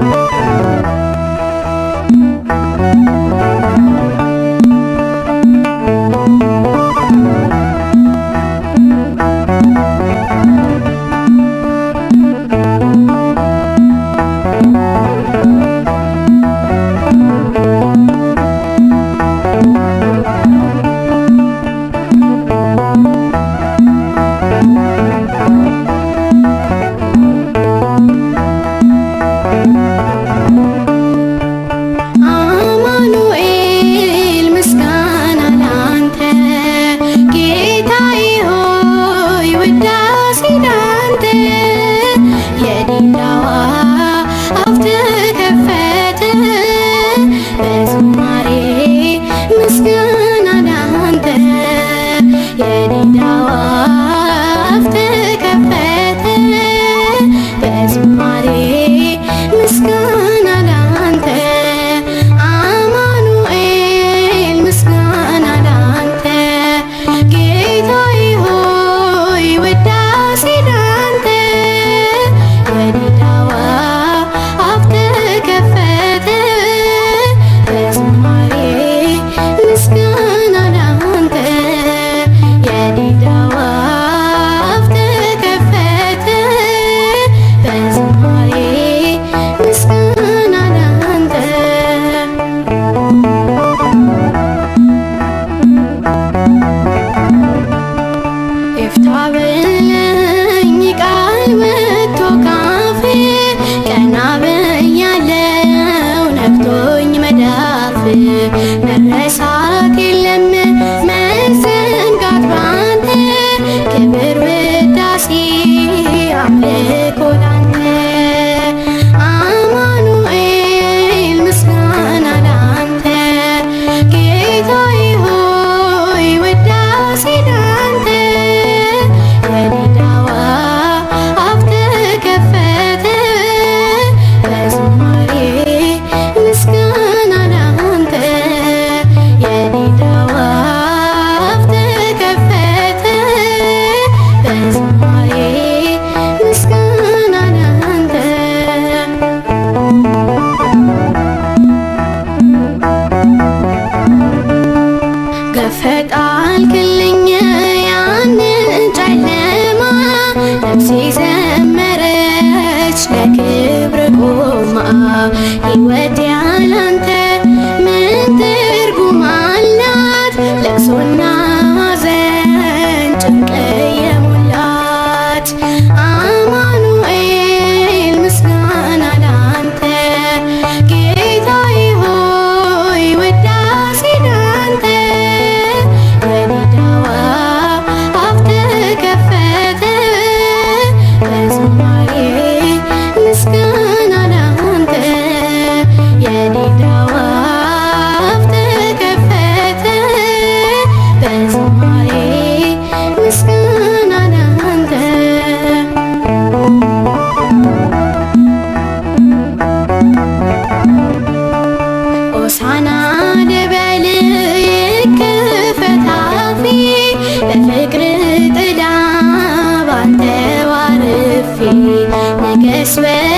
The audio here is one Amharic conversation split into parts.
Música መለሳ ሕይወቴ ያላንተ ምን ትርጉም አላት? ለቅሶና guess where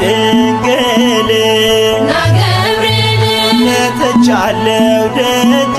ድንግል ነተቻለው ደ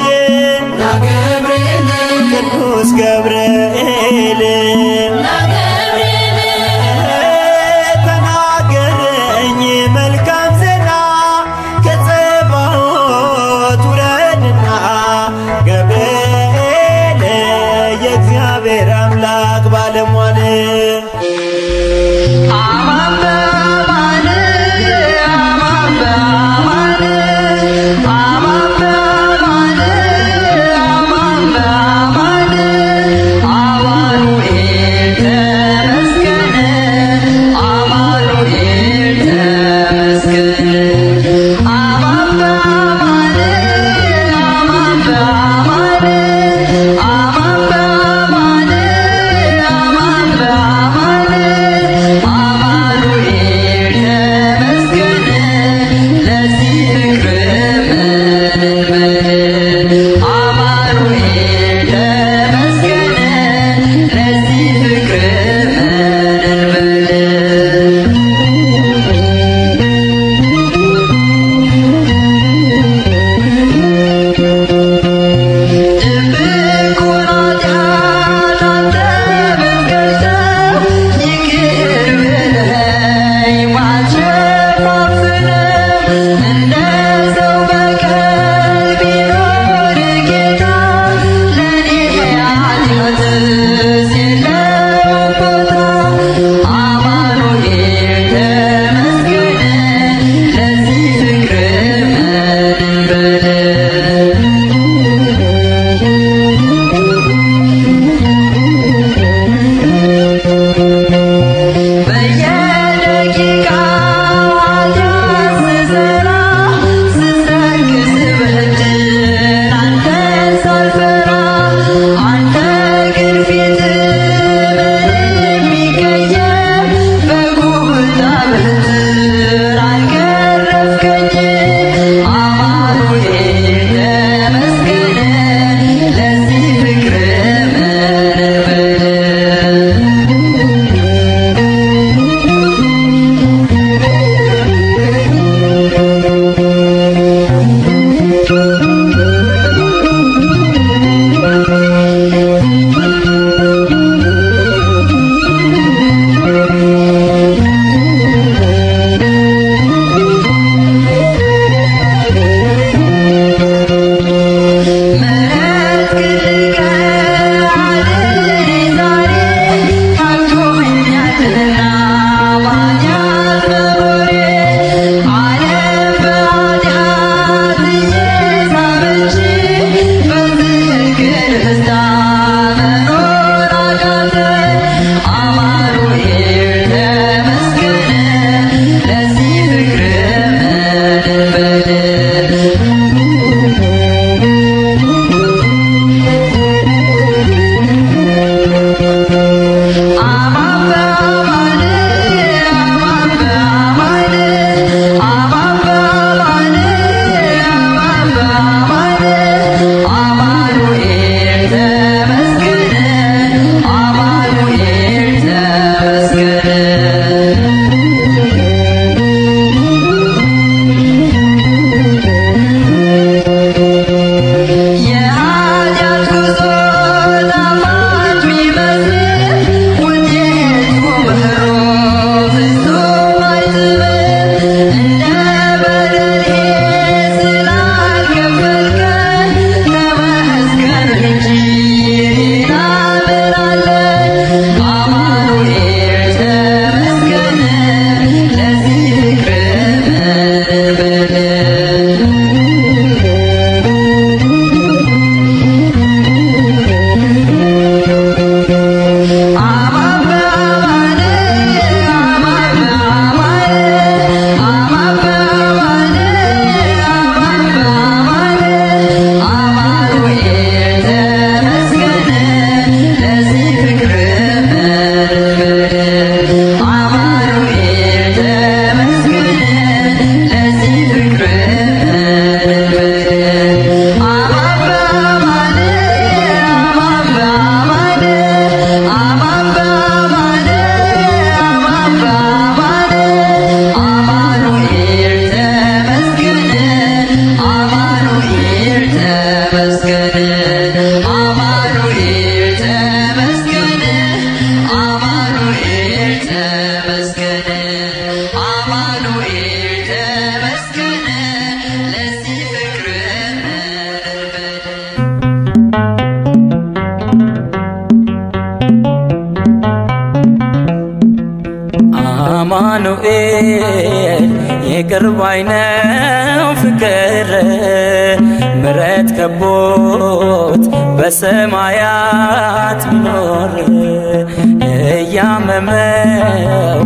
እያመመው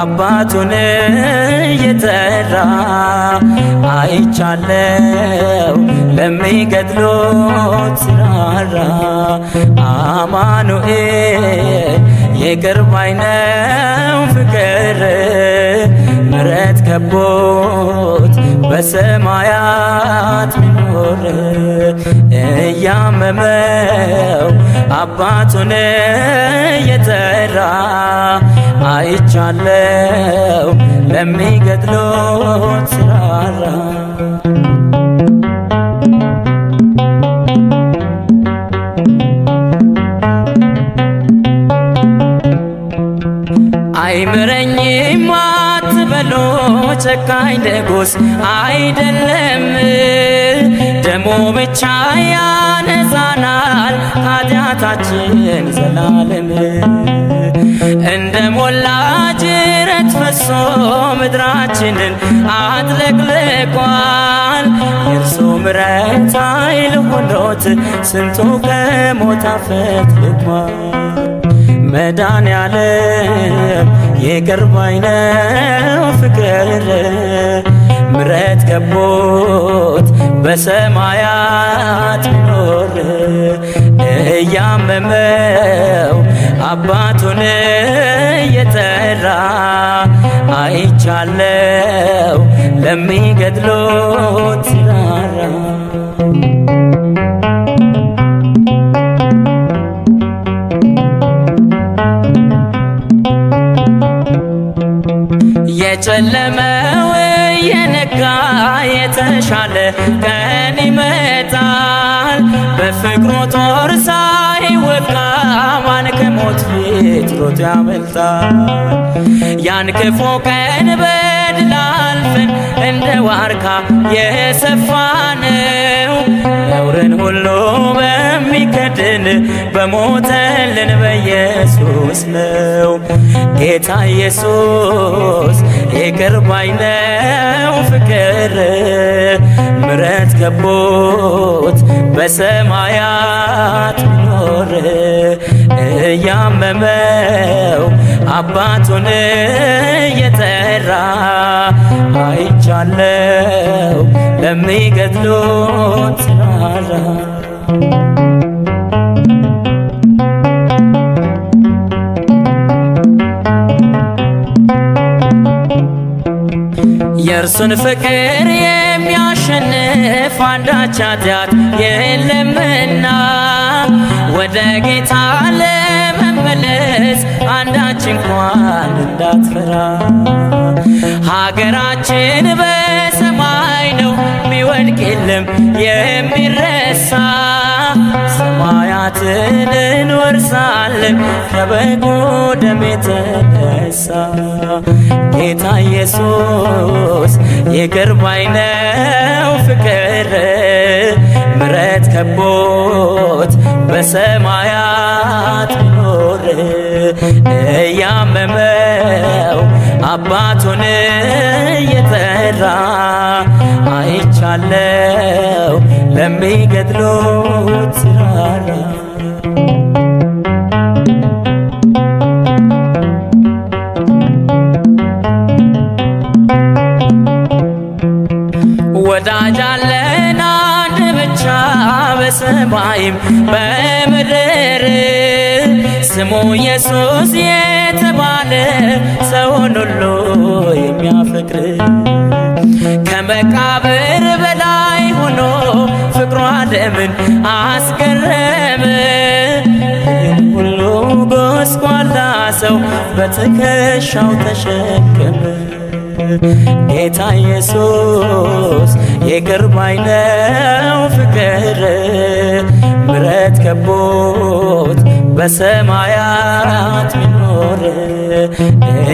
አባቱን እየጠራ አይቻለው ለሚገድሎት ሲራራ አማኑኤል የቅርብ አይነው ፍቅር ምረት ከቦት በሰማያት ሚኖር እያመመው አባቱን እየጠራ አይቻለው ለሚገድሎት ሲራራ አይምረኝማ በሎ ጨካኝ ንጉስ አይደለም፣ ደሞ ብቻ ያነዛናል ኃጢአታችን ዘላለም። እንደ ሞላ ጅረት ፈሶ ምድራችንን አጥለቅልቋል። የእርሱ ምረት ኃይል ሆኖት ስንቱ ከሞት አፈትልቋል። መዳን ያለ ይቅር ነው ፍቅር ምረት ከቦት በሰማያት ኖር እያመመው አባቱን እየጠራ አይቻለው ለሚገድሎት ራራ ጨለመው የነጋ የተሻለ ቀን ይመጣል። በፍቅሩ ጦር ሳይወጋ ማን ከሞት ፊት ሮጦ ያመልጣል። ያን ክፉ ቀን በድል አልፈን እንደ ዋርካ የሰፋነው ኖርን ሁሉ በሚከድን በሞተልን በኢየሱስ ነው። ጌታ ኢየሱስ ይቅር ባይ ነው። ፍቅር ምረት ከቦት በሰማያት ኖር እያመመው አባቱን እየጠራ አይቻለው ለሚገድሉት ራራ የእርሱን ፍቅር የሚያሸንፍ አንዳች ኃጢአት የለምና ወደ ጌታ አንዳች እንኳን እንዳትፈራ ሀገራችን በሰማይ ነው የሚወድቅ የለም የሚረሳ ሰማያትን እንወርሳለን ከበጉ ደም የተነሳ ጌታ ኢየሱስ ይቅር ባይ ነው ፍቅር ብረት ከቦት በሰማያት ኖር እያመመው አባቱን እየጠራ አይቻለው ለሚገድሉት ራራ በሰማይም በምድር ስሙ ኢየሱስ የተባለ ሰውን ሁሉ የሚያፈቅር ከመቃብር በላይ ሆኖ ፍቅሩ ዓለምን አስገረመ። ሁሉ ጎስቋላ ሰው በትከሻው ተሸከመ። ጌታ ኢየሱስ ይቅር ባይ ነው ፍቅር ምረት ከቦት በሰማያት ሚኖር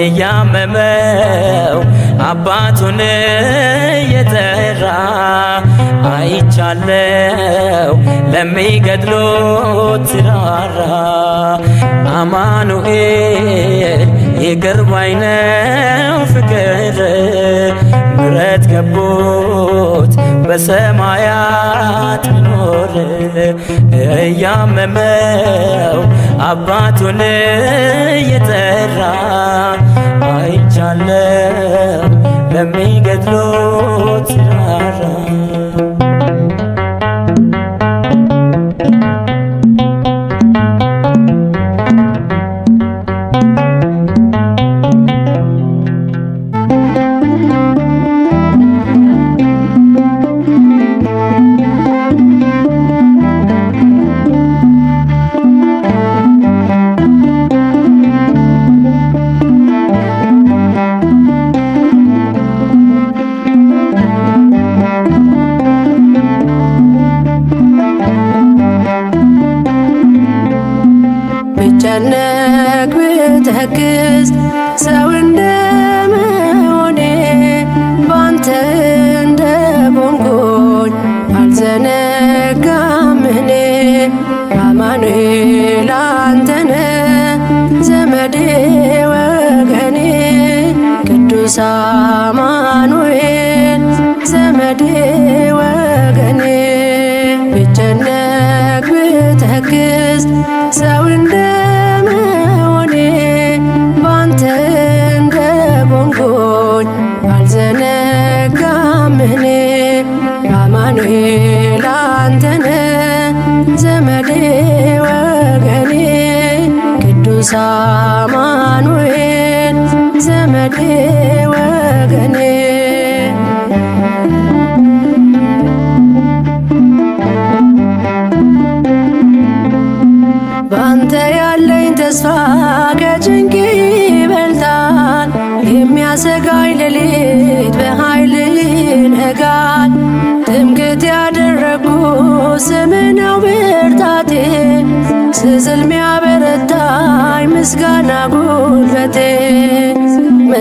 እያመመው አባቱን የጠራ አይቻለው ለሚገድሎት ሲራራ አማኑኤል ይገርማኝ ነው ፍቅር ምረት ከቦት በሰማያት ኖር እያመመው አባቱን እየጠራ አይቻለው ለሚገድሎት ራራ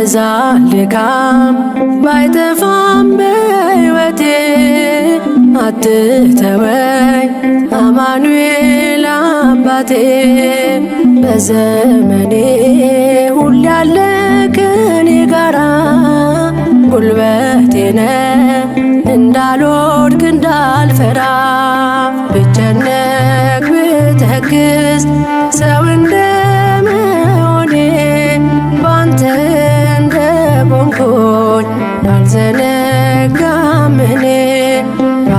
የበዛ ልካም ባይጠፋም በሕይወቴ አትተወኝ አማኑኤል አባቴ በዘመኔ ሁል ያለ ከኔ ጋራ ጉልበቴ ነህ እንዳልወድቅ እንዳልፈራ ብጨነቅ ብተክዝ አልዘነጋምን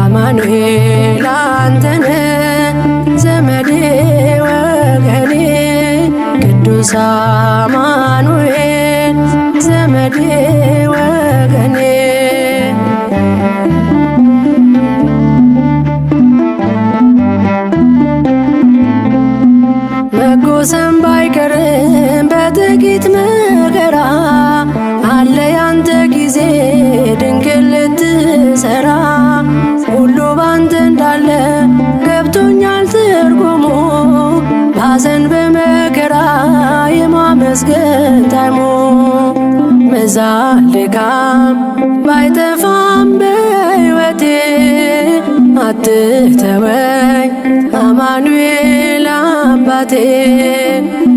አማኑኤል አንተነ ዘመዴ ወገኔ ቅዱስ አማኑኤል ዘመዴ ወገኔ መጎሰን ባይቀርም በጥቂት መከራ አለ ያንተ ጊዜ እንድሰራ ሁሉ ባንተ እንዳለ ገብቶኛል ትርጉሙ ባዘን በመከራ የማመስገን ታይሙ መዛል ድካም ባይጠፋም በሕይወቴ አትተወኝ አማኑኤል አባቴ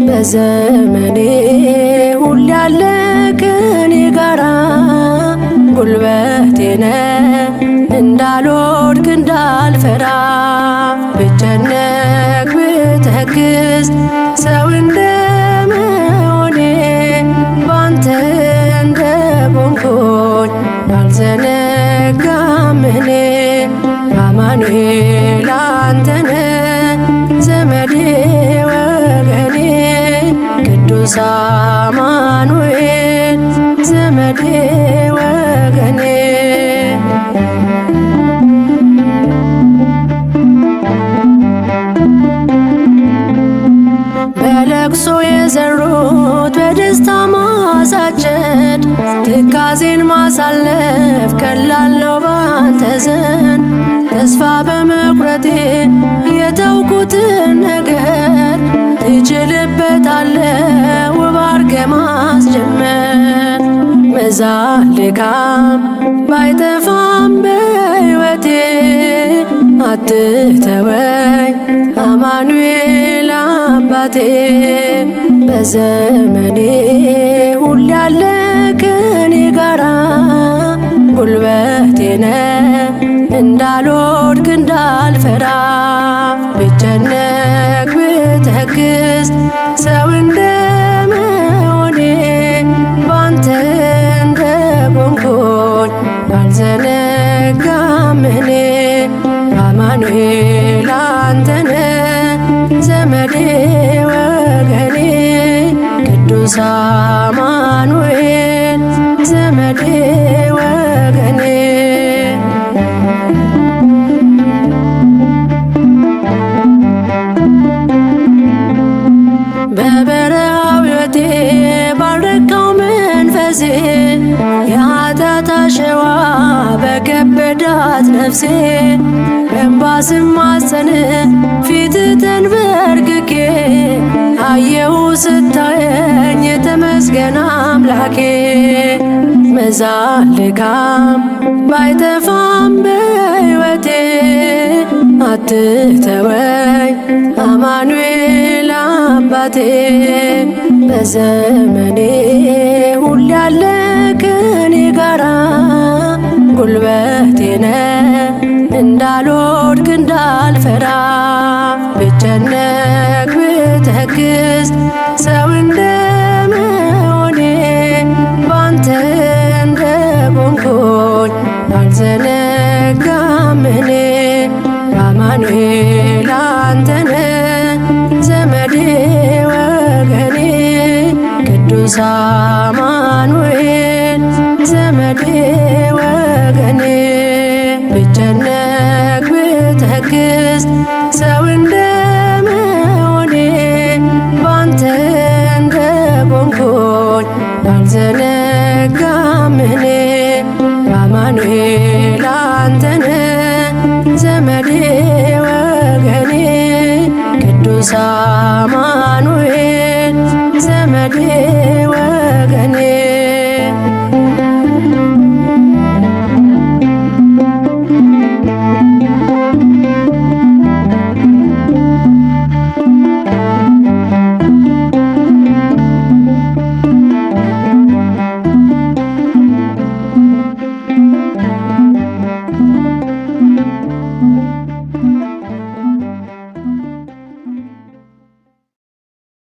በዘመኔ ሁሌ ያለ ከኔ ጋራ ጉልበቴነ እንዳልወድቅ እንዳልፈራ ብጨነቅ ብተክዝ ሰው እንደመሆኔ ባንተ እንደቆምኩኝ አልዘነጋም እኔ አማኑኤል አንተነ ዘመዴ ወገኔ ቅዱስ አማኑኤል ዘመዴ ኑዛዜን ማሳለፍ ቀላለው ባንተ ዘንድ ተስፋ በመቁረጤ የተውኩትን ነገር ትችልበታለ ውባርገ ማስጀመር መዛ ልካም ባይጠፋም በሕይወቴ አትተወኝ አማኑኤል አባቴ በዘመኔ ሁሌ ያለ ነ እንዳልወድቅ እንዳልፈራ አለቻት ነፍሴ እንባ ማሰነ ፊት ተንበርክኬ አየሁ ስታየኝ የተመስገን አምላኬ መዛልካም ባይተፋም በሕይወቴ አትተወኝ አማኑኤል አባቴ በዘመኔ ሁሌ ያለ ከኔ ጋራ ጉልበቴነ እንዳልወድቅ እንዳልፈራ ብጨነቅ ብተክዝ ሰው እንደመሆኔ ባንተ እንደቆምኩኝ አልዘነጋም እኔ አማኑኤል አንተነ ዘመዴ ወገኔ ቅዱሳ